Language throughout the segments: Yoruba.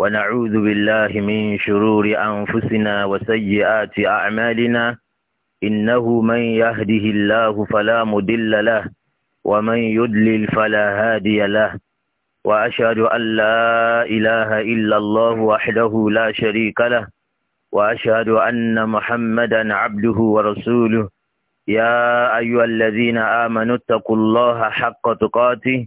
ونعوذ بالله من شرور أنفسنا وسيئات أعمالنا إنه من يهده الله فلا مدل له ومن يدلل فلا هادي له وأشهد أن لا إله إلا الله وحده لا شريك له وأشهد أن محمدا عبده ورسوله يا أيها الذين آمنوا اتقوا الله حق تقاته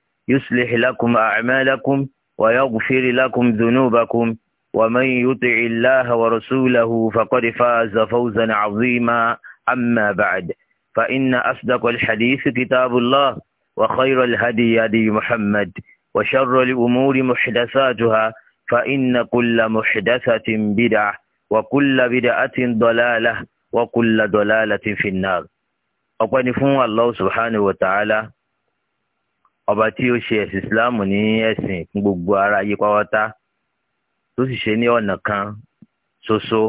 يصلح لكم أعمالكم ويغفر لكم ذنوبكم ومن يطع الله ورسوله فقد فاز فوزا عظيما أما بعد فإن أصدق الحديث كتاب الله وخير الهدي هدي محمد وشر الأمور محدثاتها فإن كل محدثة بدعة وكل بدعة ضلالة وكل ضلالة في النار أقول فون الله سبحانه وتعالى ọba tí ó ṣe ẹ̀sìn ìsìláàmù ní ẹ̀sìn fún gbogbo ara ayé pátápátá tó sì ṣe ní ọ̀nà kan ṣoṣo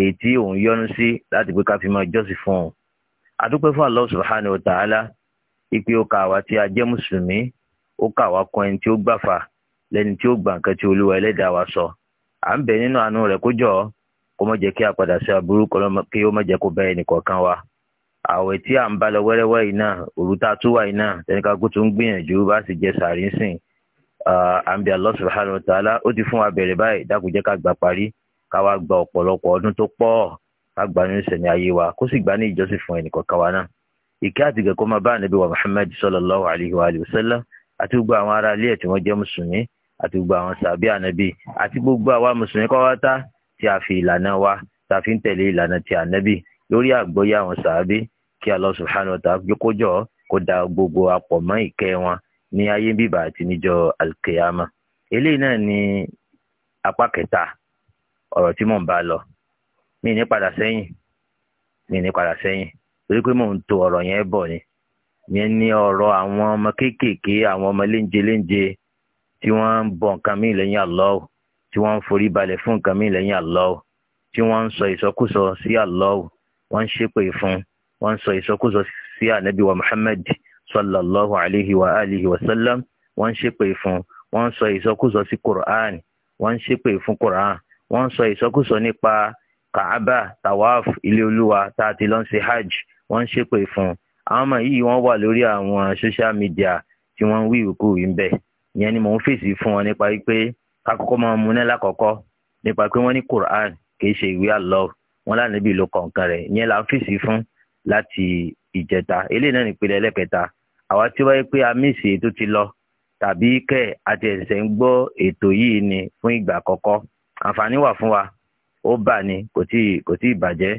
èyí tí òun yọ́nú sí láti pé ká fi máa jọ́sìn fún adúpẹ́ fún Allah subhanahu wa ta'ala ipe ó tí a jẹ́ mùsùlùmí ó kà wá kan ẹni tí ó gbàfà tí ó gbà sọ jẹ́ kí a padà sí aburú kí ó má kó ẹnì àwẹ̀ tí à ń bá lọ wẹ́rẹ́wẹ́ yìí náà òru tá a tún wà yìí náà ẹnìkan kó tó ń gbìyànjú bá sì jẹ sàárì ń sìn à ń bẹ Allah subhanahu wa ta'ala ó ti fún wa bẹ̀rẹ̀ báyìí dákun jẹ́ ká gbà parí ká wá gba ọ̀pọ̀lọpọ̀ ọdún tó pọ̀ ká gbà nínú sẹ̀mí ayé wa kó sì gbà ní ìjọsìn fún ẹnìkọ̀ọ̀kan wa náà ìkẹ́ àtìgẹ̀ kó máa bá ànábì wa Muhammad sallallahu alayhi wa sallam àti gbogbo àwọn ará ilé ẹ̀ tí wọ́n jẹ́ mùsùlùmí àti gbogbo àwọn sàbí ànábì àti gbogbo àwa lórí àgbọ́yé àwọn sàábé kí Allah subhanahu wa ta'ala kó jọ kó da gbogbo apọ̀ mọ́ ìkẹ́ wọn ní ayé bíbà àti níjọ́ alkiyama eléyìí náà ni apá kẹta ọ̀rọ̀ tí mò ń bá lọ mi ní padà sẹ́yìn mi ní padà sẹ́yìn torí pé mò ń to ọ̀rọ̀ yẹn bọ̀ ni yẹn ní ọ̀rọ̀ àwọn ọmọ kéékèèké àwọn ọmọ léńje léńje tí wọ́n ń bọ̀ nǹkan mí lẹ́yìn Allah tí wọ́n ń forí balẹ̀ fún nǹkan mí lẹ́yìn Allah tí wọ́n ń sọ ìsọkúsọ sí Allah wọ́n ń ṣépè fún wọ́n ń sọ ìsọkúsọ sí ànábì wa Muhammad sallallahu alayhi wa alihi wa sallam wọ́n ń ṣépè fún wọ́n ń sọ ìsọkúsọ sí Qur'an wọ́n ń ṣépè fún Qur'an wọ́n ń sọ ìsọkúsọ nípa Kaaba tawaf ilé olúwa tá a ti lọ ń ṣe hajj wọ́n ń ṣépè fún àwọn ọmọ yìí wọ́n wà lórí àwọn social media tí wọ́n ń wí ìkú yìí ń bẹ̀ ìyẹn ni mò ń fèsì fún wọn nípa wípé kakọ́kọ́ máa mú náà lákọ̀ọ́kọ́ nípa pé wọ́n ní Qur'an kì í ṣe ìwé Allah wọn lánàbí ló kọ nǹkan rẹ̀ ìyẹn la ń fèsì fún láti ìjẹta eléyìí náà nípele ẹlẹ́kẹta àwa tí wáyé pé a mísì tó ti lọ tàbí kẹ́ àti ẹ̀sẹ̀ ń gbọ́ ètò yìí ni fún ìgbà àkọ́kọ́ àǹfààní wà fún wa ó bà ní kò tí kò tí ì bàjẹ́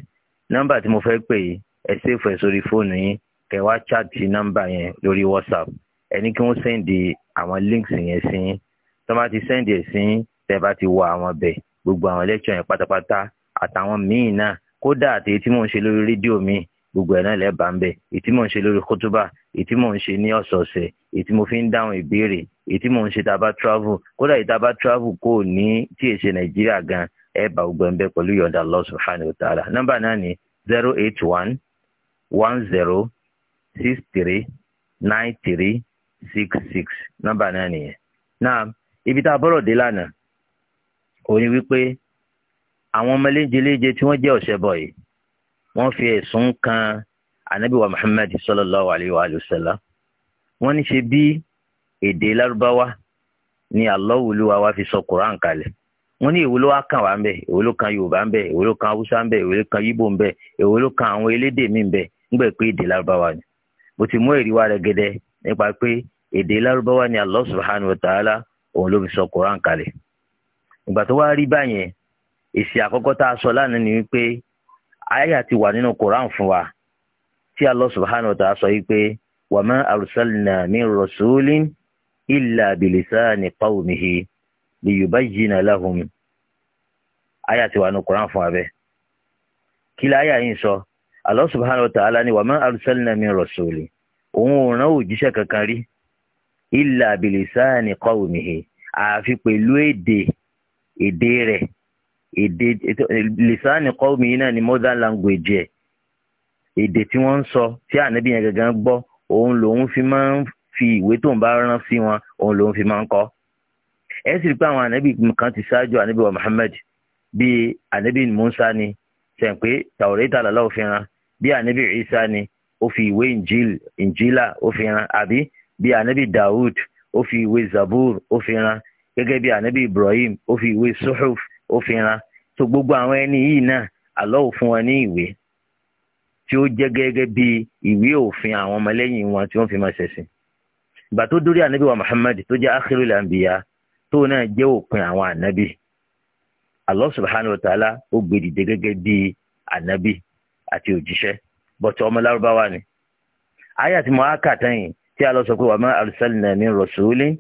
nọ́mbà tí mo fẹ́ pè yìí ẹ ṣèfù ẹ sórí fóònù yín kẹ́ wá chaàtì nọ́mbà yẹn lórí whatsapp ẹ ní kí wọ́n sẹ́ǹdì àwọn links yẹn sí yín tó bá ti sẹ́ǹdì ẹ̀ sí yín tẹ́ bá ti wọ àwọn bẹ̀ gbogbo àwọn lẹ́kṣọ̀ yẹn pátápátá àtàwọn míì náà kódà àti èyí tí mò ń ṣe lórí rédíò mi gbogbo ẹ̀ náà lẹ́ẹ̀bà ń bẹ̀ èyí tí mò ń ṣe lórí kótóbà èyí tí mò ń ṣe ní ọ̀sọ̀ọ̀sẹ̀ èyí tí mo fi ń dáhùn ìbéèrè èyí tí mò ń ṣe tá travel kódà èyí tá travel kò ní tí è ṣe nàìjíríà gan ẹ bá gbogbo ẹ̀ ń bẹ̀ pẹ̀lú yọ̀ǹda Allah zero eight one one zero six three nine three six six nọ́mbà náà nìyẹn náà ibi tá a bọ́rọ̀ dé lánàá òní wípé àwọn ọmọ léjeléje tí wọ́n jẹ́ ọ̀ṣẹbọ yìí wọ́n fi ẹ̀sùn kan anabi wa muhammad sallallahu alayhi wa sallam wọ́n ní ṣe bí èdè lárúbáwá ni alọ́wùlúwa wa fi sọ quran kalẹ̀ wọ́n ní ìwúlò wa kàn wá ń bẹ ìwúlò kan yorùbá ń bẹ ìwúlò kan haúsá ń bẹ ìwúlò kan yíbò ń bẹ ìwúlò kan àwọn elédè mi ń bẹ ńgbà pé èdè lárúbáwá ni mo ti mú èrì wa rẹ gẹdẹ nípa pé èdè lárúbáwá ni Allah subhanahu wa ta'ala òun ló fi sọ quran kalẹ̀ ìgbà tó wá rí báyẹn èsì àkọ́kọ́ tá a sọ lánàá ni wípé àyà ti wà nínú Quran fún wa tí Allah subhanahu wa taa sọ wípé wa ma arsalna min rasulin illa bilisani qawmihi liyubayyina lahum àyà ti wà nínú Quran fún wa bẹ́ẹ̀ kí sọ Allah subhanahu wa ni wa òun ò kankan rí àfi pẹ̀lú èdè èdè rẹ̀ èdè lìsáàni kọ́ọ̀mù yìí náà ni modern language ẹ̀ èdè tí wọ́n ń sọ tí ànábì yẹn gangan gbọ́ òun lòun fi máa ń fi ìwé tó ń bá rán sí wọn òun lòun fi máa ń kọ́ ẹ sì rí pé àwọn ànábì kan ti ṣáájú ànábì wa Muhammad bíi ànábì Musa ni sẹ̀ǹpé tàwọ̀rẹ́ta làlá òfin ran bíi ànábì Isa ni ó fi ìwé injil injila ó fi ran àbí bíi ànábì Dawud ó fi ìwé Zabur ó fi ran gẹ́gẹ́ bíi ànábì Ibrahim ó fi ìwé suhuf ó fi ran so gbogbo àwọn ẹni yìí náà àlọ́ ò fún wọn ní ìwé tí ó jẹ́ gẹ́gẹ́ bí ìwé òfin àwọn ọmọlẹ́yìn wọn tí wọ́n fi máa ṣẹ̀sìn ìgbà tó dórí ànábì wa Muhammad tó jẹ́ akhirul anbiya tó náà jẹ́ òpin àwọn ànábì Allah subhanahu wa ta'ala ó gbé gẹ́gẹ́ bí ànábì àti òjíṣẹ́ bọ̀tọ̀ ọmọ lárúbáwá ni àyà tí mo á tí a lọ sọ pé wa ma arsalna min rasulin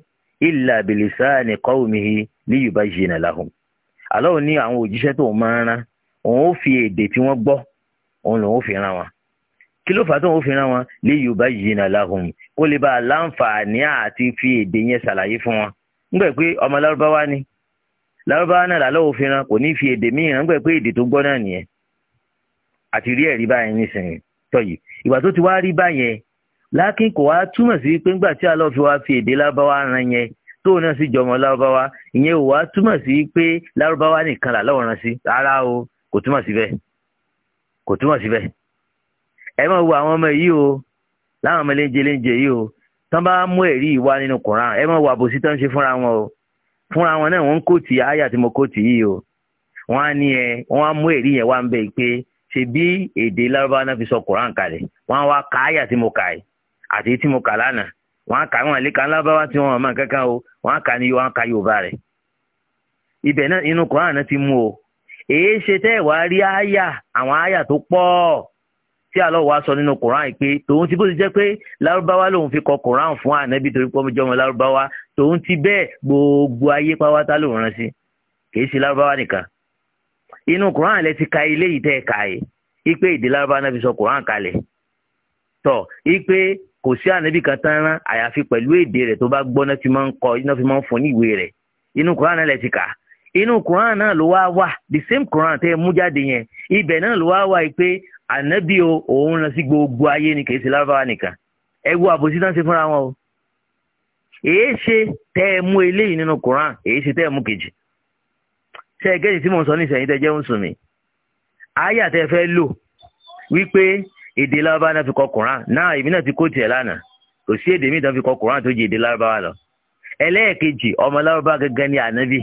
illa bilisani qawmihi Allah ní àwọn òjíṣẹ́ tó máa ń rán òun ó fi èdè tí wọ́n gbọ́ òun lòun fi rán wọn kí ló fà á tó ń fi rán wọn lè yorùbá yìí nà láhùn ó lè bá a láǹfààní àti fi èdè yẹn ṣàlàyé fún wọn ńgbẹ pé ọmọ lárúbáwá ni lárúbáwá náà làlọ́ òfin rán kò ní fi èdè míì rán ńgbẹ pé èdè tó gbọ́ náà nìyẹn àti rí ẹ̀rí báyẹn nísìnyí tọ́yì ìgbà tó ti wá rí báyẹn lákín kò wá túmọ̀ sí pé ńgbà tí Allah fi wá fi èdè lárúbáwá rán yẹn tóun náà sì jọmọ lárúbáwá ìyẹn ò wá túmọ̀ sí pé lárúbáwá nìkan là lọ́wọ́ sí rárá o kò túmọ̀ síbẹ̀ kò túmọ̀ síbẹ̀ ọmọ yìí o láwọn ọmọ léńjẹ o tán bá mú ẹ̀rí ìwá nínú Kùránì ẹ máa wo àbòsí tán wọn o fúnra wọn náà wọn ń kóòtì àyà tí mo kóòtì o wọn á ní ẹ á mú ẹ̀rí yẹn wá èdè lárúbáwá náà fi sọ Koran kalẹ̀ á wá ka àyà tí mo àti tí mo kà lánàá wọ́n á kà wọ́n àlékà lábáwá tí wọ́n máa kankan o wọ́n á kà ní wọ́n á ka yorùbá rẹ̀ ibẹ̀ náà inú Kùránì náà ti mú o èyí ṣe tẹ́ ẹ̀ wá rí àyà àwọn àyà tó pọ̀ tí àlọ́ wa sọ nínú Kùránì pé tòun ti bó ti jẹ́ pé lárúbáwá lòun fi kọ Kùránì fún ànábì torí pọ́ jọmọ lárúbáwá tòun ti bẹ́ẹ̀ gbogbo ayé pátá lòun rán sí kì í ṣe lárúbáwá nìkan inú Kùránì lẹ ti ka ilé yìí tẹ́ ẹ̀ ka yìí ipe ìdí lárúbáwá náà fi sọ Kùránì kalẹ̀ tọ̀ ipe kò sí ànábì kan tán rán àyàfi pẹ̀lú èdè rẹ̀ tó bá gbọ́ náà fi máa ń kọ iná fi máa ń fún ní ìwé rẹ̀ inú Quran náà lẹ ti kà inú Quran náà ló wá wà the same Quran tẹ́ ẹ mú jáde yẹn ibẹ̀ náà ló wá wà pé ànábì o òun lọ sí gbogbo ayé ni kìí ṣe lárúbáwá nìkan ẹ wo àbòsí náà ṣe fúnra wọn o èé ṣe tẹ́ ẹ mú eléyìí nínú Quran èé ṣe tẹ́ ẹ mú kejì ṣe é gẹ́gẹ́ tí mo sọ ní ìsẹ̀yìn tẹ́ jẹ́ ń èdè lárúbáwá náà fi kọ Quran náà èmi náà ti kó tiẹ̀ lánàá kò sí èdè míì tó fi kọ Quran tó ju èdè lárúbáwá lọ ẹlẹ́ẹ̀kejì ọmọ lárúbáwá gẹ́gẹ́ ní ànábì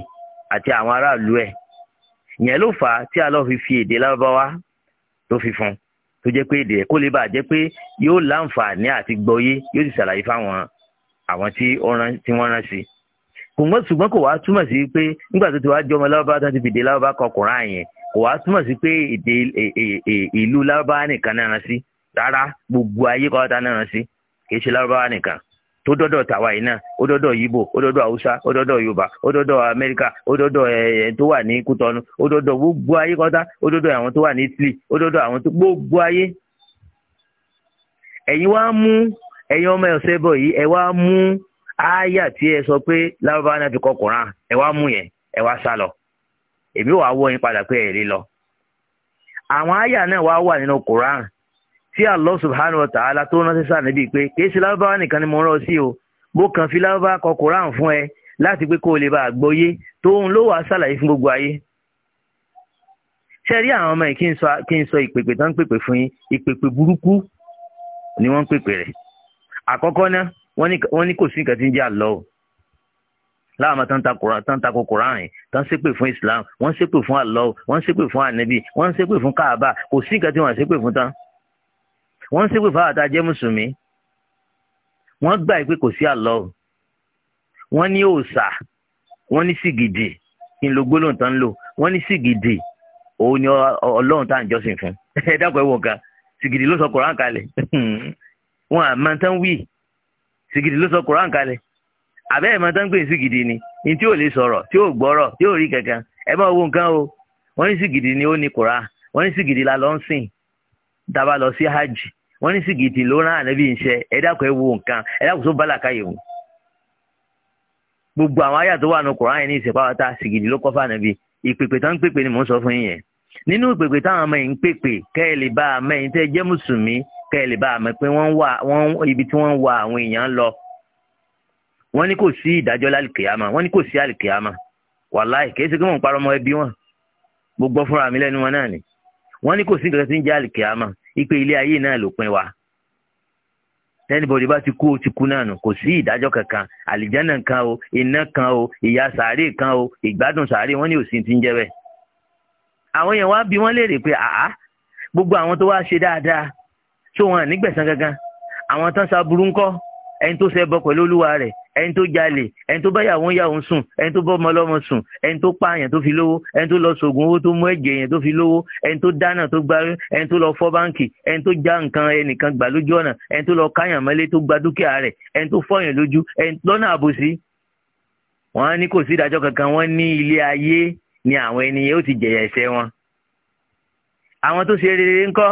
àti àwọn aráàlú ẹ̀ yẹn ló fà á tí a lọ fi fi èdè lárúbáwá tó fi fún tó jẹ́ pé èdè kó lè bàa jẹ́ pé yóò láǹfààní àti gbọ́yé yóò sì ṣàlàyé fáwọn àwọn tí wọ́n rán sí kò ṣùgbọ́n kò wá túmọ̀ sí pé nígbà tó ti wá jọmọ lárúbáwá tó ti fìdí lárúbáwá kọ Quran yẹn kò wá túmọ̀ sí pé èdè e, e, e, ìlú lárúbáwá nìkan náà rán sí rárá gbogbo ayé kọ́ta náà rán sí kì í ṣe lárúbáwá nìkan tó dọ́dọ̀ tàwa yìí náà ó dọ́dọ̀ yíbò ó dọ́dọ̀ haúsá ó dọ́dọ̀ yorùbá ó dọ́dọ̀ amẹ́ríkà ó dọ́dọ̀ ẹ̀ tó wà ní kútọ́nu ó dọ́dọ̀ gbogbo ayé kọ́tà ó dọ́dọ̀ àwọn tó wà ní italy ó dọ́dọ̀ àwọn tó gbogbo ayé. ẹ̀yin wá mú ẹ̀yin ọmọ ẹ̀sẹ̀ bọ̀ yìí ẹ̀ wá mú ááyà tí ẹ sọ pé lárúbáwá náà fi kọ ẹ̀ wá mú yẹn ẹ̀ wá sá èmi wàá wọ́ yín padà pé èrè lọ. àwọn àyà náà wàá wà nínú Quran tí Allah subhanahu wa ta'ala tó ránṣẹ́ sáà níbi pé kìí ṣe lárúbáwá nìkan ni mo rán ọ sí o mo kàn fi lárúbáwá kọ Quran fún ẹ láti pé kó o lè bá a gbọ́yé tóun ló wàá ṣàlàyé fún gbogbo ayé. ṣé rí àwọn ọmọ yìí kí n sọ ìpèpè tán ń pèpè fún yín ìpèpè burúkú ni wọ́n ń pèpè rẹ̀ àkọ́kọ́ náà wọ́n ní kò sí nǹkan tí ń jẹ́ àlọ́ láwọn tán ta koran tán ta koran rìn tán ṣépè fún islam wọ́n ṣépè fún Allah wọ́n ṣépè fún anabi wọ́n ṣépè fún kaaba kò sí nǹkan tí wọ́n ṣépè fún tán wọ́n ṣépè fún àtà jẹ́ mùsùlùmí wọ́n gbà pé kò sí Allah wọ́n ní òòṣà wọ́n ní sìgìdì kí n lo gbólóhùn tán lò wọ́n ní sìgìdì òun ni Ọlọ́run tá à ń jọ́sìn fún ẹ dákọ̀ ẹ wọ̀ kan sìgìdì ló sọ koran kalẹ̀ wọ́n àmọ́ tán wí sìgìdì ló sọ koran kalẹ̀ àbẹ́ ẹ̀ máa tán pé ìsìgìdì ni ní tí ò lè sọ̀rọ̀ tí ò gbọ́rọ̀ tí ò rí kankan ẹ máa wo nǹkan o wọ́n ní sìgìdì ni ó ní kura wọ́n ní sìgìdì la lọ́ ń sìn dábà lọ sí hajj wọ́n ní sìgìdì ló rán ànábì iṣẹ́ ẹ dákun ẹ wo nǹkan ẹ dákun tó bálàkà yẹ̀ wò gbogbo àwọn àyà tó wà ní kura yẹn ní ìsèpáwọ́tà sìgìdì ló kọ́ ni mò ń sọ fún yín yẹn nínú ìpèpè táwọn ọmọ yìí ń pèpè kẹ́ ẹ lè bá a mẹ́yìn tẹ́ jẹ́ mùsùlùmí kẹ́ ẹ lè bá wọ́n ní kò sí ìdájọ́ lálìkèyàmà wọ́n ní kò sí àlìkèyàmà wàláì kìí ṣe kí wọ́n ń parọ́ ọmọ ẹbí wọn gbogbo fúnra mi lẹ́nu wọn náà ni wọ́n ní kò sí nǹkan tí ń jẹ́ àlìkèyàmà ipe ilé ayé náà ló pin wa tẹ́nibọ̀dì bá ti kú ó ti kú náà nù kò sí ìdájọ́ kankan àlìjánà kan o iná kan o ìyà sàárè kan o ìgbádùn sàárè wọ́n ní òsì ti ń jẹ́ bẹ́ẹ̀ àwọn yẹn wá bí wọ́n léèrè pé àá gbogbo àwọn tó wá ṣe dáadáa tó wọn nígbẹ̀san gangan àwọn tán sa burú ẹni tó ṣẹbọ pẹ̀lú olúwa rẹ̀ ẹni tó jalè ẹni tó bá yàwó yàwó sùn ẹni tó bá ọmọ ọlọ́mọ sùn ẹni tó pààyàn tó fi lówó ẹni tó lọ sògùn owó tó mú ẹ̀jẹ̀ yẹn tó fi lówó ẹni tó dáná tó gbárí ẹni tó lọ fọ́ báǹkì ẹni tó já nǹkan ẹnìkan gbà lójú ọ̀nà ẹni tó lọ káyàn mọ́lé tó gba dúkìá rẹ̀ ẹni tó fọ́yàn lójú lọ́nà àbòsí. wọ́n ní kò sí ìdájọ́ kankan wọ́n ní ilé ayé ni àwọn ènìyàn ó ti jẹ̀yà ẹ̀ṣẹ̀ wọn. àwọn tó ṣe rere ńkọ́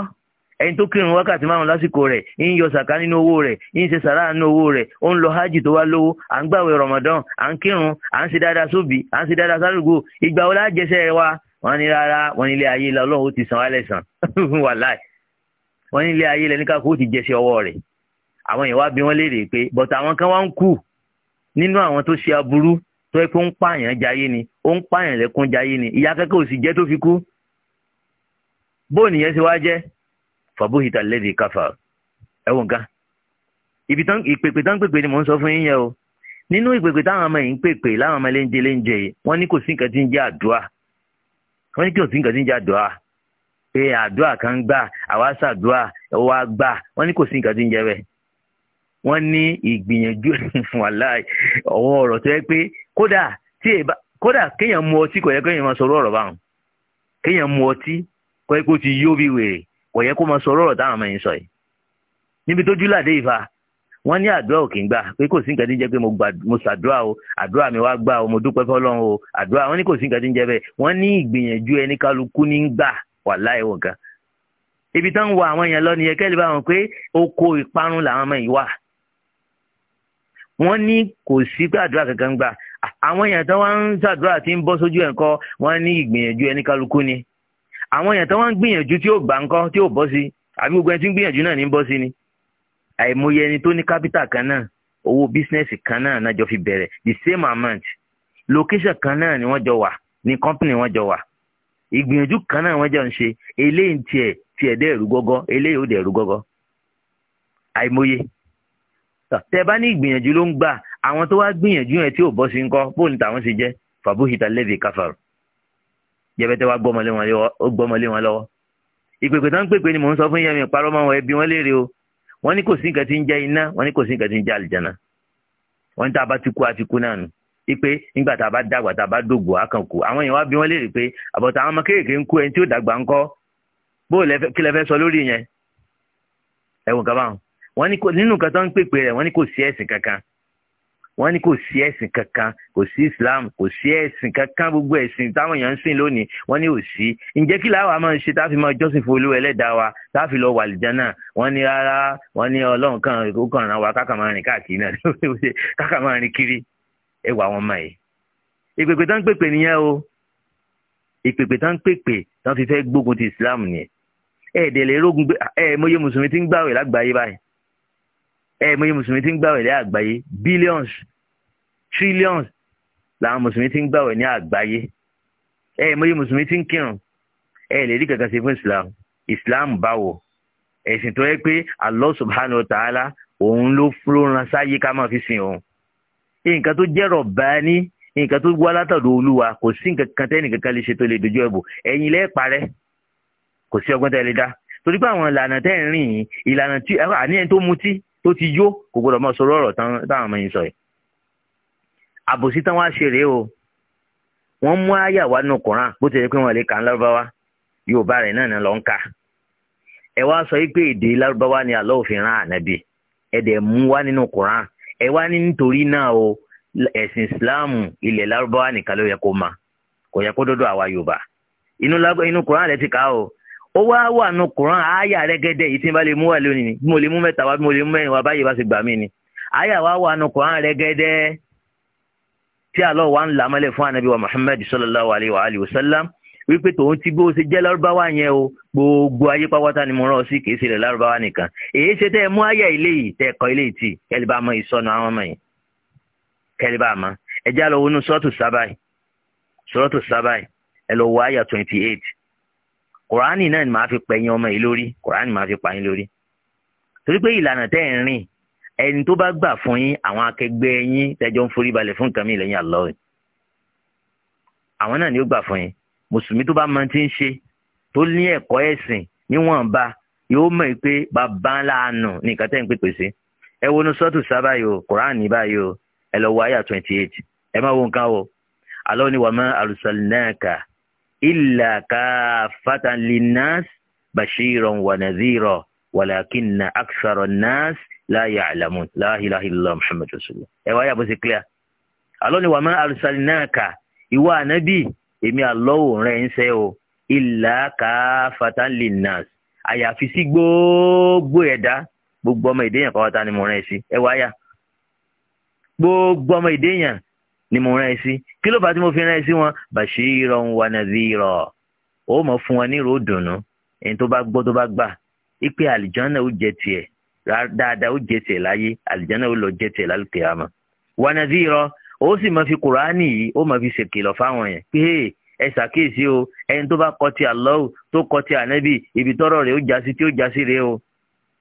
ẹni tó kírun wákàtí márùn lásìkò rẹ̀ ń yọ sàká nínú owó rẹ̀ ń ṣe sàrà nínú owó rẹ̀ ó ń lọ hajj tó wá lówó à ń gbàwé ramadan à ń kírun à ń ṣe dáadáa sóbì à ń ṣe dáadáa sárúgbó ìgbà wo la jẹsẹ wa wọn ní rárá wọn nílé ayé la Ọlọ́run ó ti san wálẹ sàn wàláì wọn nílé ayé lẹni káko ó ti jẹsẹ ọwọ́ rẹ̀ àwọn yẹn wá bí wọn léèrè pé but àwọn kan wá ń kù nínú àwọn tó ṣe aburú tó yẹ pé ó ni ó ń ni ìyá akẹ́kọ̀ọ́ sì jẹ́ tó fi kú bóònù fàbúhìtà lẹ́dí káfà ẹ̀wọ̀n ká ibi tán ìpèpè tán pèpè ni mò ń sọ fún yín yẹn o nínú ìpèpè táwọn ọmọ yìí ń pèpè láwọn ọmọ léńjẹ léńjẹ yìí wọ́n ní kò sí nǹkan tí ń jẹ́ àdúrà wọ́n ní kò sí nǹkan tí ń jẹ́ àdúrà pé àdúrà kan gbà àwa ṣàdúrà wa gbà wọ́n ní kò sí nǹkan tí ń jẹ́ bẹ́ẹ̀ wọ́n ní ìgbìyànjú wàláì ọwọ́ ọ̀rọ̀ tó kò yẹ kó máa sọ ọ̀rọ̀ táwọn ọmọ yẹn sọ yìí níbi tójú làdé ìfà wọ́n ní àdúrà ò kì í gbà pé kò sí nǹkan tí ń jẹ́ pé mo ṣàdúrà o àdúrà mi wá gbà o mo dúpẹ́ fọ́lọ́run o àdúrà wọ́n ní kò sí nǹkan tí ń jẹ́ bẹ́ẹ̀ wọ́n ní ìgbìyànjú ẹni kálukú ní ń gbà wà láì wọ̀ gan. ibi tán ń wọ àwọn èèyàn lọ nìyẹn bá wọn pé oko ìparun làwọn ọmọ yìí wà. wọ́n ní kò sí pé àdúrà kankan gbà àwọn èèyàn tán wá ń ṣàdúrà tí ń bọ́ sójú ẹ̀ ńkọ́ wọ́n ní ìgbìyànjú ẹni kálukú ni àwọn èèyàn tó wọ́n ń gbìyànjú tí ó gbà ńkọ́ tí ó bọ́ sí àbí gbogbo ẹni tí ń gbìyànjú náà ní bọ́ sí ni àìmọye ẹni tó ní kápítà kan náà owó bísínẹ́sì kan náà náà jọ fi bẹ̀rẹ̀ the same amount location kan náà ni wọ́n jọ wà ní company wọ́n jọ wà ìgbìyànjú kan náà wọ́n jọ ń ṣe eléyìí tiẹ̀ tiẹ̀ dẹ̀ rú gọ́gọ́ eléyìí ó dẹ̀ rú gọ́gọ́ àìmọye tẹ bá ní ìgbìyànjú ló ń gbà àwọn tó wá gbìyànjú yẹn tí ò bọ́ sí ńkọ́ bóun ni tàwọn ṣe jẹ́ fàbúhìtà lẹ́bi káfàrọ̀ jẹbẹtẹ wa gbọmọlé wọn lọ́wọ́ ó gbọmọlé wọn lọ́wọ́ ìpèpè tán pèpè ni mò ń sọ fún yẹmi parọ́ mọ́ wọn ẹbí wọn léèrè o wọn ní kò sí nǹkan tí ń jẹ iná wọn ní kò sí nǹkan tí ń jẹ àlìjáná wọn tá a bá ti kú a ti kú náà nù ipe nígbà tá a bá dàgbà tá a bá dògbò a kàn kú àwọn èèyàn wá bí wọn léèrè pé àbọ̀tà àwọn ọmọ kéèké ń kú ẹni tí ó dàgbà ń kọ́ bó kí lẹ fẹ́ sọ wọ́n ní kò sí ẹ̀sìn kankan kò sí islam kò sí ẹ̀sìn kankan gbogbo ẹ̀sìn táwọn èèyàn ń sìn lónìí wọ́n ní ò sí ǹjẹ́ kí làwọn máa ń ṣe táfi máa jọ́sìn fún olúwa ẹlẹ́dàá wa táfi lọ wàlìjánà wọ́n ní rárá wọ́n ní ọlọ́run kan ó kàn ràn wá káka máa rìn káàkiri náà káka máa rìn kiri ẹ wà wọn mọ̀ ẹ́ ìpèpè tán ń pèpè nìyẹn o ìpèpè tán ń pèpè tán fi fẹ́ gbógun ti islam nìyẹn ẹ̀ẹ́dẹ̀ lè rógun ẹ̀ mọ́yé mùsùlùmí ti ń gbàwẹ̀ lágbàáyé báyìí ẹ̀ẹ́mọye mùsùlùmí ti ń gbàwẹ̀ ní àgbáyé billions trillions làwọn mùsùlùmí ti ń gbàwẹ̀ ní àgbáyé ẹ̀ẹ́mọye mùsùlùmí ti ń kírun ẹ̀ẹ́ lè rí kankan ṣe fún islam islam báwo ẹ̀sìn tó yẹ pé allah subhanahu wa ta'ala òun ló fúnra sáyé ká máa fi sìn òun nǹkan tó jẹ́rọ̀ bá ní nǹkan tó wá látọ̀dọ̀ olúwa kò sí nǹkan kan tẹ́nì kankan lè ṣe tó lè dojú ẹ̀bù ẹ̀yin lẹ́ẹ̀ parẹ́ kò sí ọgbọ́n tẹ́ lè dá torí pé àwọn ìlànà tẹ́ ń rìn yìí ìlànà tí àní ẹni tó mutí tó ti yó kò gbọdọ̀ mọ sọ̀rọ̀ ọ̀rọ̀ táwọn ọmọ yìí sọ yìí àbòsí tán wá ṣe rèé o wọ́n mú àyà wá nù kùrán bó ti yẹ pé wọ́n lè kà ń lárúbáwá yorùbá rẹ̀ náà ni lọ́n kà ẹ wá sọ yìí pé èdè lárúbáwá ni àlọ́ òfin rán ànábì ẹ dẹ̀ mú wá nínú kùrán ẹ wá ní nítorí náà o ẹ̀sìn Islam ilẹ̀ lárúbáwá nìkan ló yẹ kó ma kò yẹ kó dọ́dọ̀ àwa yorùbá inú kùrán rẹ̀ ti kà á o ó wá wà nù kùrán àáyà rẹ́gẹ́dẹ́ yìí tí n bá lè mú wà lónìí ni bí mo lè mú mẹ́ta wá bí mo lè mú mẹ́rin wá báyìí bá ṣe gbà mí ni àáyà wá wà nù kùrán rẹ́gẹ́dẹ́ tí àlọ́ wa ń là mọ́lẹ̀ fún anabi wa Muhammad sallallahu alayhi wa alihi wa sallam wípé tòun ti bó ṣe jẹ́ lárúbáwá yẹn o gbogbo ayé pátá ni mo rán ọ sí kìí ṣe rẹ̀ lárúbáwá nìkan èyí ṣe tẹ́ ẹ mú àyà ilé yìí tẹ́ twenty eight kùránì náà ni màá fi pẹ̀yìn ọmọ yìí lórí kùránì màá fi pààyàn lórí torí pé ìlànà tẹ́ ẹ̀ ń rìn ẹni tó bá gbà fún yín àwọn akẹgbẹ́ yín tẹ́jọ́ ń forí balẹ̀ fún nǹkan mi lẹ́yìn àlọ́ rẹ̀ àwọn náà ni ó gbà fún yín mùsùlùmí tó bá mọ ti ń ṣe tó ní ẹ̀kọ́ ẹ̀sìn níwọ̀nba yóò mọ̀ pé bàbá ńlá àánú ní nǹkan tẹ́ ń pèpè sí ẹ wo ní sábà yìí o kùránì báyìí ẹ lọ wo àyà twenty eight ẹ má wo nǹkan o àlọ́ ni wàá mọ àrùsọ̀lì náà kà ìlà káfàtà linnas bashiran wa nadhira walakinna akthara nas la ya'lamun la ilaha illallah muhammad rasulullah ẹ wá yàgò sí clear alọ́ ni wà má arsalnaka ìwọ ànábì èmi àlọ́wò rẹ̀ ń sẹ́ o ìlà káfàtà linnas àyàfi sí gbogbo ẹ̀dá gbogbo ọmọ ìdéyàn pàwọ́ta ni mo rẹ̀ sí ẹ wá yà gbogbo ọmọ ìdéyàn ni mo rán ẹ sí kí ló fà á tí mo fi rán ẹ sí wọn bashiran wa nadhira ó mọ̀ fún wọn ní dùnú ẹni tó bá gbọ́ tó bá gbà ipe àlìjánà ó jẹ tiẹ̀ dáadáa ó jẹ tiẹ̀ láyé àlìjánà ó lọ jẹ tiẹ̀ lálùkìyámà wa nadhira ó sì máa fi kùránì yìí ó máa fi ṣèkìlọ̀ fáwọn yẹn pé ẹ ṣàkíyèsí o ẹni tó bá kọ̀ ti Allah tó kọ̀ ti ànábì ibi tọ́rọ̀ rẹ̀ ó jásí tí ó jásí rèé o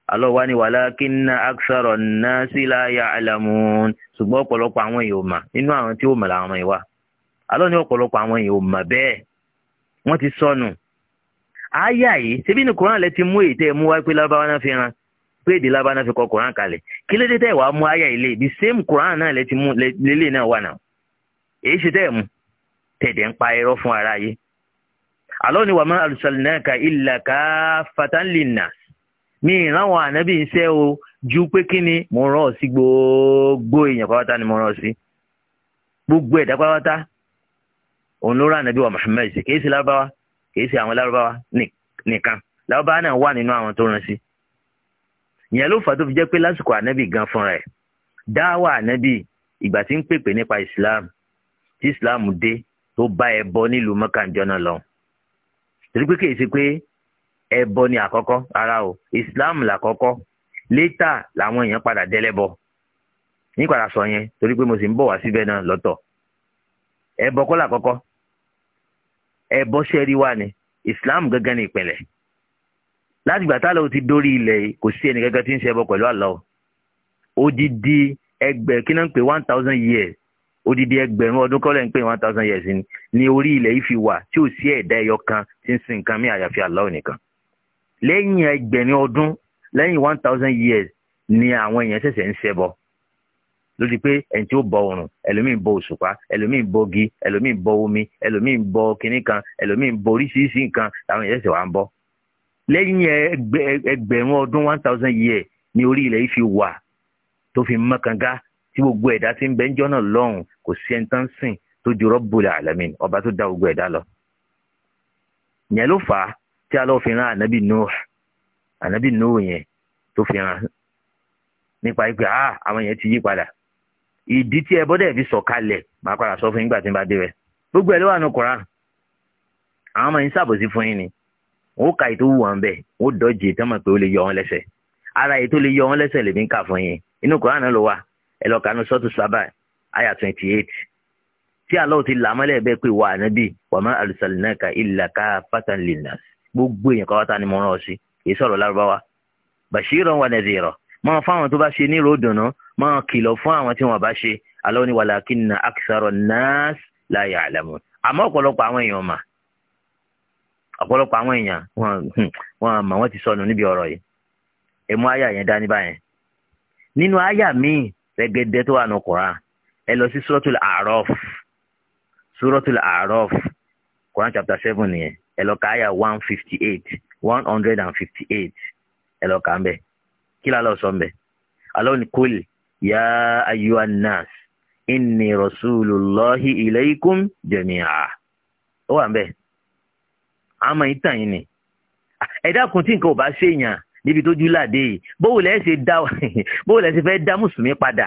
Allah wá ní walakinna akthara an-nasi la ya'lamun ṣùgbọ́n ọ̀pọ̀lọpọ̀ àwọn èèyàn ò mà nínú àwọn tí ó mọ̀ làwọn ìwà Allah ní ọ̀pọ̀lọpọ̀ àwọn èèyàn ò mà bẹ́ẹ̀ wọ́n ti sọnù àyà yìí ṣebí ní koran lẹ ti mú èyí tẹ́ ẹ mú wáyé pé lábáwá náà fi ran pé èdè lábáwá náà fi kọ koran kalẹ̀ kí ló dé wàá mú àyà yìí lé the same koran náà lẹ ti mú lélẹ̀ náà wà náà èyí ṣe tẹ́ ẹ mú tẹ̀dẹ̀ ń pa irọ́ mi ìrànwọ́ ànábì iṣẹ́ o ju pé kí ni mo rán ọ sí gbogbo èèyàn pátá ni mo rán ọ sí gbogbo ẹ̀dá pátá òun ló rán ànábì wa Muhammad sí kìí ṣe lárúbáwá kìí ṣe àwọn lárúbáwá nìkan lárúbáwá náà wà nínú àwọn tó rán sí ìyẹn ló fà tó fi jẹ́ pé lásìkò ànábì gan fúnra ẹ̀ dáwà ànábì ìgbà tí ń pèpè nípa Islam tí Islam dé tó bá ẹbọ nílùú Mẹ́kà níjọ́ náà lọ torí pé kìí ṣe pé ẹbọ ni àkọ́kọ́ ara o islam làkọ́kọ́ létà làwọn èèyàn padà dẹ́lẹ́bọ ní padà sọ yẹn torí pé mo sì ń bọ̀ wá síbẹ̀ náà lọ́tọ̀ ẹbọ kọ́ làkọ́kọ́ ẹbọ ṣẹ́rí wà ní islam gẹ́gẹ́ ní ìpìlẹ̀ láti gbà tálọ́ ti dórí ilẹ̀ kò sí ẹnì gẹ́gẹ́ tí ń ṣe ẹbọ pẹ̀lú Allah odidi ẹgbẹ́ kí náà ń pè one thousand years odidi ẹgbẹ̀rún ọdún kọ́lẹ̀ ń pè one thousand years ni orí ilẹ̀ yìí fi wà tí ò sí ẹ̀dá ẹyọ kan tí ń sin nǹkan mí àyàfi Allah nìkan lẹ́yìn ẹgbẹ̀rin ọdún lẹ́yìn one thousand years ni àwọn èèyàn ṣẹ̀ṣẹ̀ ń ṣẹbọ lórí pé ẹni tí ó bọ oòrùn ẹlòmíín bọ òṣùpá ẹlòmíín bọ gi ẹlòmíín bọ omi ẹlòmíín bọ kinní kan ẹlòmíín bọ oríṣiríṣi nǹkan làwọn èèyàn ṣẹ̀ṣẹ̀ ń bọ lẹ́yìn ẹgbẹ̀rún ọdún one thousand years ni orí ilẹ̀ yìí fi wà tó fi mọ́kànga tí gbogbo ẹ̀dá ti ń bẹ ń jọ́nà lọ́hùn kò sí ẹni tán sìn tó ju Rabbul Alamin ọba tó dá gbogbo ẹ̀dá lọ. ìyẹn ló fà á tí a lọ fi ran ànábì Nuh ànábì Nuh yẹn tó fi ran nípa pé ah àwọn yẹn ti yí padà ìdí tí ẹ bọ́dẹ̀ fi sọ̀kalẹ̀ máa padà sọ fún yín gbà tí n bá dé rẹ̀ gbogbo ẹ̀ ló wà ní Koran àwọn ọmọ yín ṣàbòsí fún yín ni wọn ó ka ètò wù wọn bẹ́ẹ̀ wọn ó dọjì tán mọ̀ pé ó lè yọ wọn lẹ́sẹ̀ ara ètò lè yọ wọn lẹ́sẹ̀ lèmi ń kà fún yín inú Koran náà ló wà ẹ lọ kànú sọtù sábà àyà twenty eight tí Allah ti là mọ́lẹ̀ bẹ́ẹ̀ pé wà ànábì wa ma arsalnaka illa kaffatan linnas gbogbo èèyàn kan wáta ni mo rán ọ sí èyí sọ̀rọ̀ lárúbáwá bashiran wa nadhira máa fáwọn tó bá ṣe ní ròdùnú máa kìlọ̀ fún àwọn tí wọ́n bá ṣe alọ́ ni walakinna nas àmọ́ ọ̀pọ̀lọpọ̀ àwọn èèyàn mà ọ̀pọ̀lọpọ̀ àwọn èèyàn hmm, mà wọ́n ti sọnù níbi ọ̀rọ̀ yìí àyà yẹn dání báyẹn nínú àyà míì rẹ̀gẹ̀dẹ̀ tó wà ní ẹ lọ sí suratul ẹ lọ one fifty eight one hundred and fifty eight ẹ lọ ka ń bẹ kí la lọ sọ ń bẹ alọ́ ya ayyuhan nas inni rasulullahi ilaykum jami'a ó wà ń bẹ àmọ́ ìtàn yìí ni ẹ dákun tí nǹkan ò bá ṣèyàn níbi tó júláde yìí bówó lẹ́ ṣe dá bówó lẹ́ ṣe fẹ́ dá mùsùlùmí padà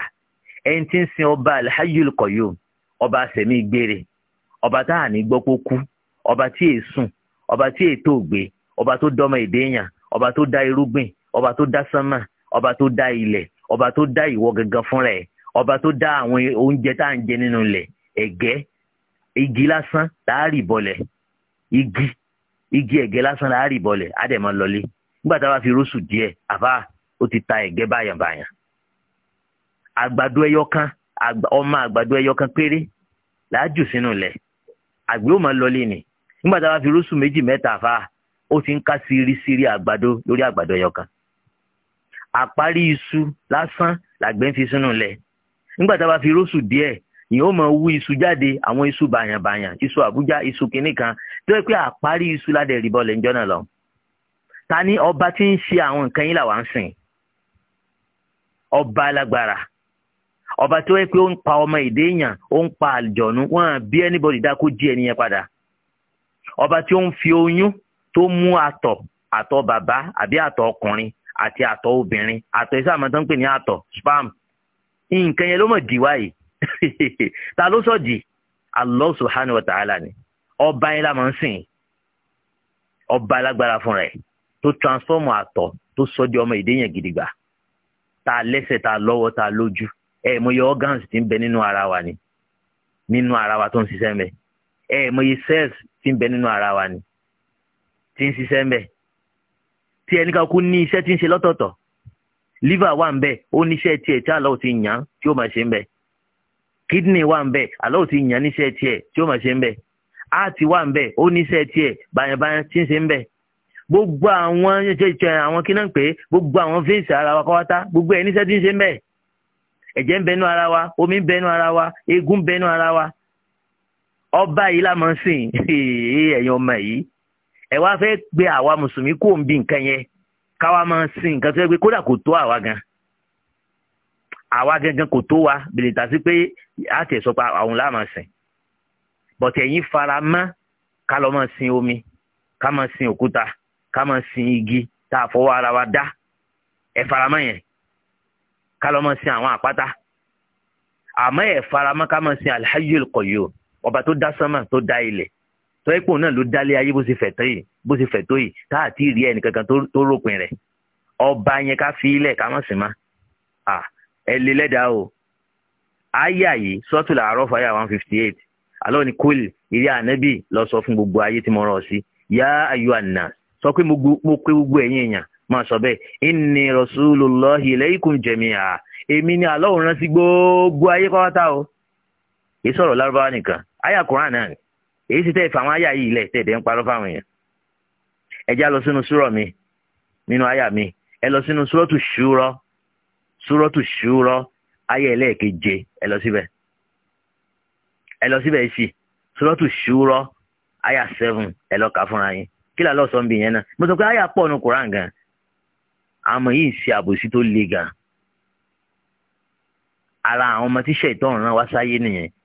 ẹni tí ń sin ọba alhayyul qayyum ọba sẹ̀mí gbére ọba tá à ní gbọ́ pé ó kú ọba tí èè sùn ọba tí ètò ògbé ọba tó dọ́mọ èdè èèyàn ọba tó dá irúgbìn ọba tó dá sánmà ọba tó dá ilẹ̀ ọba tó dá ìwọ gangan fúnra ẹ̀ ọba tó dá àwọn oúnjẹ tá à ń jẹ nínú ilẹ̀ ẹ̀gẹ́ igi lásán láàárì bọlẹ̀ igi igi ẹ̀gẹ́ lásán láàárì bọlẹ̀ ádẹ́mọ lọlé nígbà tá a bá fi rósù díẹ̀ àbá ó ti ta ẹ̀gẹ́ báyànbáyàn àgbàdo ẹyọ ọmọ àgbàdo ẹyọ péré làájù sínú ilẹ̀ àgbẹ̀ ò máa lọlé ni nígbà tá a bá fi rúṣù méjì mẹ́ta fa ó ti ń ká sírísírí àgbàdo lórí àgbàdo ẹyọ kan àparí iṣu lásán làgbẹ̀ ń fi sínú lẹ̀ nígbà tá a bá fi rúṣù díẹ̀ yìí ó máa wú iṣu jáde àwọn iṣu bàyànbàyàn iṣu àbújá iṣu kìnnì kan tó yẹ pé àparí iṣu ládẹ ìrìbọ lè ń jọ náà lọ ta ni ọba tí ń ṣe àwọn nǹkan yín làwa ń sìn ọba alágbára ọba tó yẹ pé ó ń pa ọmọ èdè èèyàn ó ń pa àjọ̀nú wọn bí anybody dá jí ẹni yẹn padà ọba tí ó ń fi oyún tó mú àtọ̀ àtọ̀ bàbá àbí àtọ̀ ọkùnrin àti àtọ̀ obìnrin àtọ̀ iṣẹ́ àmọ́tán pè ní àtọ̀ spam nǹkan yẹn ló mọ̀ dì wáyé ta ló sọ dì Allah subhanahu wa ta'ala ni ọba yẹn la ń sìn ọba alágbára fúnra ẹ̀ tó transform àtọ̀ tó sọ di ọmọ èdè yẹn gidigba ta lẹ́sẹ̀ ta lọ́wọ́ ta lójú ẹ̀ mo yọ organs tí ń bẹ nínú ara wa ni nínú ara wa tó ń ṣiṣẹ́ mẹ́ẹ̀ ẹ ẹ mọye cells tí ń bẹ nínú ara wa ni tí ń ṣiṣẹ́ ń bẹ tí ẹnì kan kú ní iṣẹ́ tí ń ṣe lọ́tọ̀ọ̀tọ̀ liver wà ń bẹ ó níṣẹ́ tiẹ̀ tí àlọ́ ti yàn tí ó máa ṣe ń bẹ kidney wà ń bẹ àlọ́ ti yàn níṣẹ́ tiẹ̀ tí ó máa ṣe ń bẹ heart wà ń bẹ ó níṣẹ́ tiẹ̀ báyẹ̀báyẹ̀ tí ń ṣe ń bẹ gbogbo àwọn ṣẹṣẹ àwọn kí náà pé gbogbo àwọn veins ara wa kọ́wátá gbogbo ẹ̀ níṣẹ́ tí ń ṣe ń bẹ ẹ̀jẹ̀ ń bẹnu ara wa omi ń bẹnu ara wa eegun ń bẹnu ara wa ọba yìí la máa ń sìn ẹ̀yin ọmọ yìí ẹ wá fẹ́ gbé àwa mùsùlùmí kò ń bí nǹkan yẹn káwa máa ń sìn nǹkan tó yẹ pé kódà kò tó àwa gan àwa gangan kò tó wa bèrè tà sí pé a tẹ̀ sọ pé àwọn la máa sìn bọ̀tẹ̀ yìí fara mọ́ ká lọ́ máa sin omi ká máa sin òkúta ká máa sin igi tá a fọwọ́ ara wa dá ẹ fara mọ́ yẹn ká lọ́ máa sin àwọn àpáta àmọ́ ẹ fara mọ́ ká máa sin alhayyul qayyum ọba tó dá sánmà tó dá ilẹ̀ tó ipò náà ló dálé ayé bó ṣe fẹ̀ tó yìí bó ṣe fẹ̀ tó yìí tá àti rí ẹnì kankan tó ròpin rẹ̀ ọba yẹn ká fi ilẹ̀ ká mọ̀ sí ma ẹ lè lẹ́dàá o àyà yìí sọ́tùlà àárọ̀ fàyà one fifty eight alọ́ ni kúlì ìrí ànábì lọ sọ fún gbogbo ayé tí mo rán ọ sí yá ayọ̀ àná sọ pé mo pé gbogbo ẹ̀yin èèyàn máa sọ bẹ́ẹ̀ inni rasulullahi ilaykum jami'a èmi ni àlọ́ òun rán gbogbo ayé pátá o. kì í sọ̀rọ̀ lárúbáwá nìkan àyà Quran náà ni èyí sì tẹ́ ile etede àyà yìí lẹ̀ tẹ̀dẹ̀ ń parọ́ lọ sínú súrọ̀ mi nínú àyà mi ẹ lọ sínú súrọ̀tù ṣúrọ̀ súrọ̀tù ṣúrọ̀ àyà ẹlẹ́ẹ̀keje ẹ lọ síbẹ̀ ẹ lọ síbẹ̀ ṣúrọ̀ àyà seven ẹ lọ kà fúnra yín kí lọ́sọ̀ ń bì yẹn náà mo sọ pé àyà pọ̀ nu gan àmọ́ yìí ṣe àbòsí tó le gan ara ọmọ tíṣẹ̀ náà wá sáyé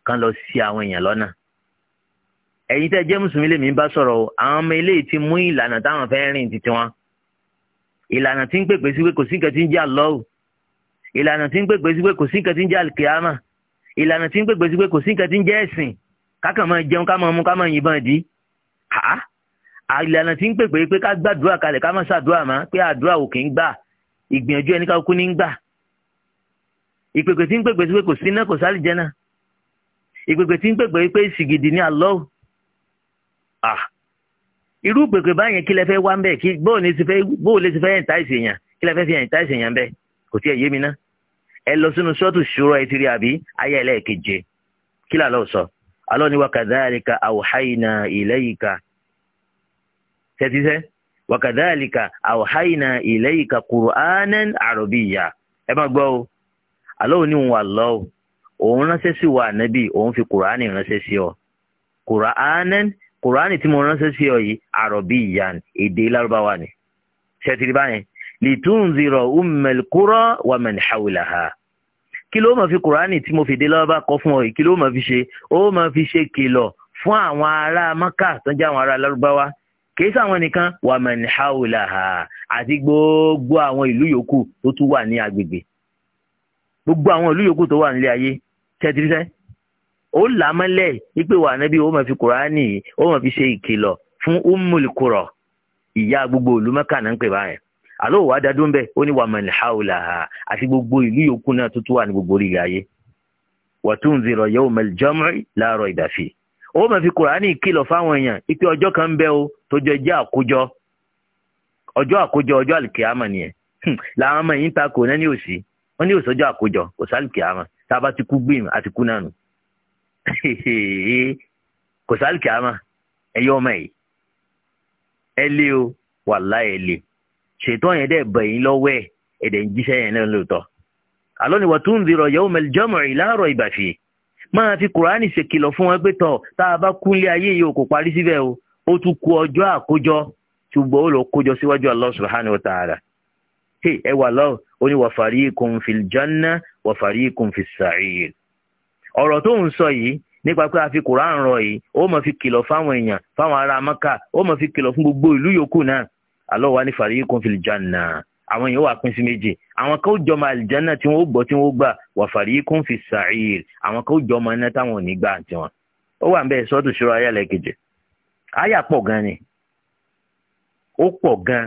kan lọ sí àwọn èèyàn lọ́nà ẹ̀yin tẹ́ jẹ́ mùsùlùmí lèmi bá sọ̀rọ̀ o àwọn ọmọ eléyìí ti mú ìlànà táwọn fẹ́ rìn títí wọn ìlànà tí ń pèpè sí pé kò sí nǹkan tí ń jẹ́ àlọ́ọ̀ ìlànà tí ń pèpè sí pé kò sí nǹkan tí ń jẹ́ àlùkìyàmà ìlànà tí ń pèpè sí pé kò sí nǹkan tí ń jẹ́ ẹ̀sìn kákan máa jẹun ká máa mu ká máa yìnbọn dì ìlànà tí ń pèpè pé ká gbàdúrà kalẹ̀ ká máa ṣàdúrà mọ́ pé àdúrà ò kì í gbà ìgbìyànjú ẹni ká kú ní gbà ìpèpè tí ń pèpè sí pé kò sí iná kò sálì jẹ́ náà ìpèpè tí ń pèpè pé sìgìdì ní Allah ah irú pèpè báyẹn kí lẹ fẹ́ wá ń bẹ̀ kí bóò lè ti fẹ́ bóò lè ti fẹ́ ẹ̀ǹtá ìsèyàn kí lẹ fẹ́ fi ẹ̀ǹtá ìsèyàn bẹ̀ kò tí ẹ̀ yé mi ná ẹ lọ sínú sọ́ọ̀tù ṣúrọ̀ ẹ ti rí àbí ayé ẹlẹ́ẹ̀keje kí làlọ́ sọ alọ́ ni wa kadhalika awhayna tẹ́tíṣẹ́ wa kadhalika awhayna ilayka qur'anan arabiyya ẹ má gbọ́ o alọ́ ni wà lọ́wọ́ òun ránṣẹ́ sí wa ànábì òun fi kùránì ránṣẹ́ sí ọ kùránì tí mo ránṣẹ́ sí ọ yìí àròbí ìyá èdè lárúbáwá ni ṣètìlí báyẹn litunzira ummel qura wa man ha. kí ló máa fi kùránì tí mo fi dé lọ́wọ́ bá kọ́ fún ọ yìí kí ló máa fi ṣe ó máa fi ṣe kìlọ̀ fún àwọn ará maka tó ń jẹ́ àwọn ará lárúbáwá kì í sáwọn nìkan wa man ha. àti gbogbo àwọn ìlú yòókù tó tún wà ní agbègbè gbogbo àwọn ìlú yòókù tó wà nílé ayé tẹ́tìrìsẹ́ ó là á mọ́lẹ̀ wípé wà nábì ó máa fi kùránì ó máa fi ṣe ìkìlọ̀ fún ummul qura ìyá gbogbo ìlú Mẹ́kà náà ń pè báyẹn àló wàá dadún bẹ́ẹ̀ ó ní wà man àti gbogbo ìlú yòókù náà tó wà ní gbogbo orílẹ̀ ayé wa tunzira yawmal jam'i la rayba fi ó máa fi kùránì ìkìlọ̀ fáwọn èèyàn ipe ọjọ́ kan ń bẹ o tó jọ jẹ́ àkójọ ọjọ́ àkójọ ọjọ́ àlùkìyàmọ̀ nìyẹn làwọn ọmọ yìí ń ta kò náà ní òsì wọ́n ní òsì ọjọ́ àkójọ kò sálùkìyàmọ̀ tá a bá ti kú gbìm àti kú náà nù kò sáà kìámà ẹ yọ ọmọ yìí ẹ lé o wàlá ẹ lé ṣètò yẹn dẹ bẹ yín lọ́wọ́ ẹ ẹdẹ ń jíṣẹ́ yẹn náà lóòótọ́ àlọ ni wà tún ń dirọ yẹwò mẹlẹ jọmọ ìlàrọ ìbàfẹ máa fi kùránì ṣèkìlọ̀ fún wọn pé tọ tá a bá kúnlé ayé yìí o kò parí síbẹ̀ o ó tún kú ọjọ́ àkójọ ṣùgbọ́n ó lọ kójọ síwájú Allah subhanahu wa ta'ala ẹ wà lọ oníwàfàrí kò ń fil janna wa fariqun fi sa'ir ọ̀rọ̀ tó ń sọ yìí nípa pé a fi Kùránì rọ̀ yìí ó mọ̀ fi kìlọ̀ fáwọn èèyàn fáwọn ará Mẹ́kà ó mọ̀ fi kìlọ̀ fún gbogbo ìlú yòókù náà Allah wa ní fariqun fil janna àwọn èèyàn wà pín sí méjì àwọn kan ó jọmọ àlìjánná tí wọn ó gbọ́ tí wọn ó gbà wa fariqun fi sa'ir àwọn kan ó jọmọ iná táwọn ò ní gbà tiwọn ó wà nbẹ sọtù ṣúra ayé lẹkẹjẹ ayé àpọ gan ni ó pọ̀ gan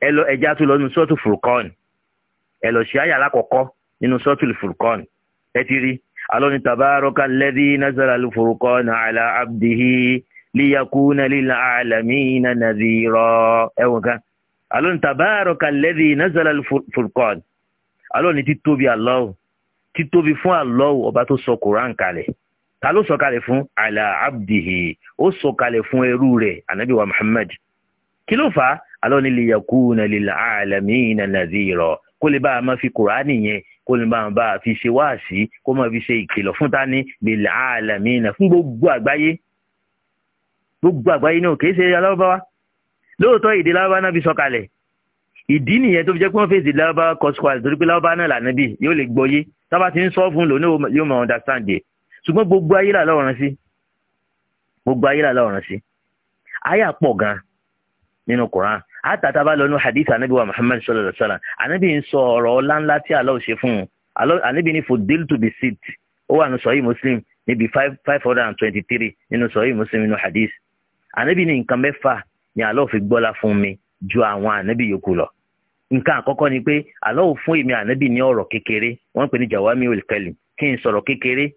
ẹ lọ ẹja tó lọ nu sọtù furqan ẹ lọ ṣe ayé alákọ̀ọ́kọ́ nínú sọ́tùlù furqan ẹ ti rí alóni tabaraka lẹ́dí nazara furqan ala abdihi liyakuna lil alamina nadhira ẹ̀wọ̀n kan alóni tabaraka lẹ́dí nazara furqan alóni títóbi Allah títóbi fún Allah ọba tó sọ Quran kalẹ̀ ta ló sọ kalẹ̀ fún ala abdihi ó sọ kalẹ̀ fún ẹrú rẹ̀ anabi wa Muhammad kí ló fà á alóni liyakuna lil alamina nadhira kó lè bá a máa fi kùránì yẹn kó lè máa bá a fi ṣe wáàsí kó máa fi ṣe ìkìlọ̀ fún tani bil alamina fún gbogbo àgbáyé gbogbo àgbáyé náà kì í ṣe alárúbáwá lóòótọ́ èdè lárúbáwá náà fi sọ̀kalẹ̀ ìdí nìyẹn tó fi jẹ́ pé wọ́n fèsì lárúbáwá kọ́sùkọ́sì torí pé lárúbáwá náà lànà bì yóò lè gbọ́yé tábà ti ń sọ fún lò náà yóò máa understand yẹ ṣùgbọ́n gbogbo ayé là lọ́rùn sí gbogbo ayé là lọ́rùn sí ayé àpọ̀ gan-an nínú Quran àtàtà bá hadith anabi wa Muhammad sallallahu alaihi wa sallam anabi ń sọ ọ̀rọ̀ ọlá ńlá tí Allah ṣe fún un anabi ní fudiltu bi sit ó wà ní sọ̀yí Muslim níbi five hundred and twenty three nínú sọ̀yí Muslim nínú hadith anabi ní nǹkan mẹ́fà ni Allah fi gbọ́lá fún mi ju àwọn anabi yòókù lọ nǹkan àkọ́kọ́ ni pé Allah fún èmi ànábì ní ọ̀rọ̀ kékeré wọ́n pè ní jawami olùkẹ́lì kí n sọ̀rọ̀ kékeré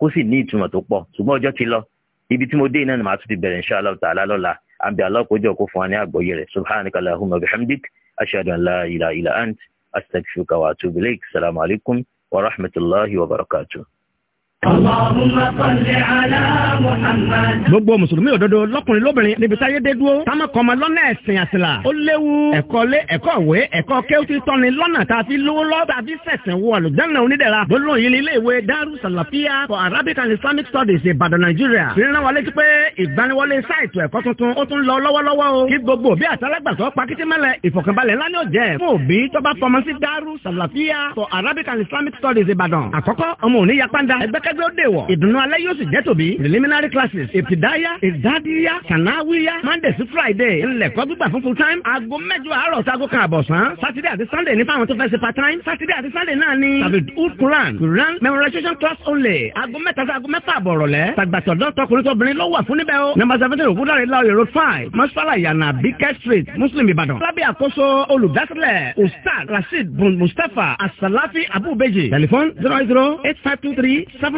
kó sì ní ìtumọ̀ tó pọ̀ ṣùgbọ́n ọjọ́ ti lọ ibi tí mo dé iná ni màá tún ti bẹ̀rẹ̀ insha Allah ta'ala lọ́la àbí alákòójọ kó fún wa ní àgbọ́yé rẹ̀ subhanaka allahumma bihamdik ashhadu an la ilaha illa ant astaghfiruka wa atubu ilayk salamu alaykum wa rahmatulahi wa barakatuh gbogbo mùsùlùmí òdodo lọkùnrin lóbìnrin níbi táyé dé dúró táwọn kan máa lọ́nà ẹ̀sìn àṣìlá ó léwu ẹ̀kọ́ lé ẹ̀kọ́ ìwé ẹ̀kọ́ kéwùtì tọ́ni lọ́nà tàbí lówó lọ́dà bí sẹ̀sìn wo àlùjáná onídẹ̀ra gbólóhùn yìí ní ilé ìwé Daru Salafia for Arabic and Islamic Studies Ìbàdàn Nàìjíríà ìrìnà wọlé ti pé ìgbaniwọlé sáìtù ẹ̀kọ́ tuntun ó tún lọ lọ́wọ́lọ́wọ́ o kí gbogbo bí àtàlágbàsọ pakitimẹ́lẹ̀ ìfọ̀kànbalẹ̀ ńlá ni ó jẹ́ fún òbí Daru Salafia for Arabic and Islamic Studies Ìbàdàn àkọ́kọ́ ọmọ òní yapanda kẹgbẹ́ ó dè wọ̀. ìdùnnú alẹ́ yóò sì jẹ́ tòbí. preliminary classes ìtìdáyà ìdádíyà sànáwíyà monday sí friday ńlẹ̀kọ́ gbígbà fún full time. aago mẹ́jọ àárọ̀ sago kan àbọ̀sán. saturday àti sunday ní fáwọn tó fẹ́ ṣe part time. saturday àti sunday náà ni. tàbí old quran quran memorization class only. aago mẹ́ta sí aago mẹ́fà àbọ̀rọ̀ lẹ́. tàgbàtọ̀ dọ́tọkùnrin tóbìnrin ló wà fún níbẹ̀ o. number seventeen ògúndàrí láòyè road five mọ́ṣúfàlà ìyànà bíkẹ́ street muslim ìbàdàn. lábẹ́ àkóso olùdásílẹ̀ ustaz rasheed bun mustapha asalafi abubeji. tẹlifon zero eight zero eight five two three seven